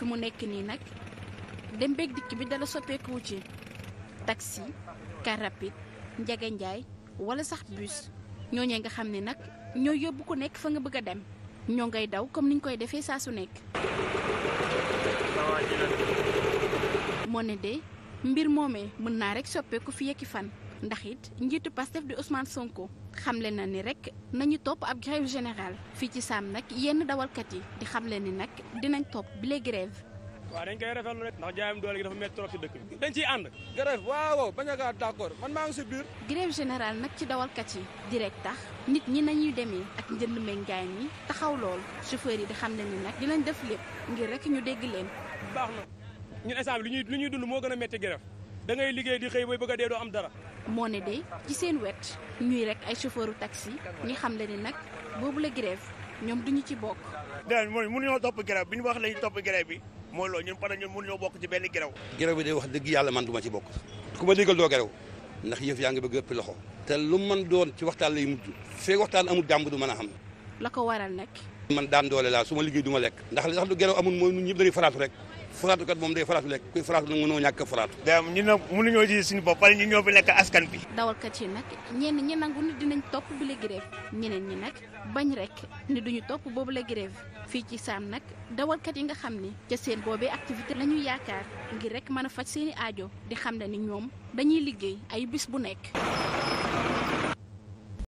fi mu nekk nii nag dem beeg dikk bi dala soppeeku ci taxi car rapide njege njaay wala sax bus ñooñee nga xam ni nag ñoo yóbbu ku nekk fa nga bëgg a dem ñoo ngay daw comme niñ koy defee saa su nekk moo ne de mbir moomee mën naa rek soppeeku fi yëkki fan ndax it njiitu Pastef di Ousmane Sonko xamle na ni rek nañu topp ab grève général fii ci saam nag yenn dawalkat yi di xamle ni nag dinañ topp bile grève. waaw dañ koy rafetlu rek ndax jaayam doole gi dafa métti dañ ciy ànd. waaw waaw bañ a gaa d'accord man maa ngi si biir. grève générale nag ci dawalkat yi direk tax nit ñi nañuy demee ak njënd méngaay mi taxaw lool chauffeur yi di xam ne ni nag dinañ def lépp ngir rek ñu dégg leen. baax na. ñun instant bi lu ñuy lu ñuy dund moo gën a métti grève da liggéey di xëy bay bëgg a dee doo am dara. moo ne de ci seen wet ñuy rek ay chauffeuru taxi ñi xam le ni nag boobu la grève ñoom duñu ci bokk. dégg nga mooy mënuñoo topp grève bi ñu wax lañu topp grève bi mooy loolu ñun pare ñun mënuñoo bokk ci benn grève. grève bi day wax dëgg yàlla man du ma ci bokk ku ma déggal doo grève ndax yëf yaa ngi bëgg ëpp loxo. te lu man doon ci waxtaan lay mujj fee waxtaan amul jàmb du man a xam. la ko waral nag. man daan doole laa su ma liggéey du ma lekk. ndax li tax amul mooy ñun ñëpp rek faraatu kat moom day faraatu lekk kuy faraatu nag mënoo ñàkk a faraatu. dem ñu ne mënuñoo ji suñu bopp wala ñu ñoo fi nekk askan bi. dawalkat yi nag ñenn ñi nangu ni dinañ topp bi la grève ñi nag bañ rek ni duñu topp boobu la grève fii ci Sam nag dawalkat yi nga xam ni ca seen boobee activité la yaakaar ngir rek mën a faj seen ajo di xam ne ni ñoom dañuy liggéey ay bis bu nekk.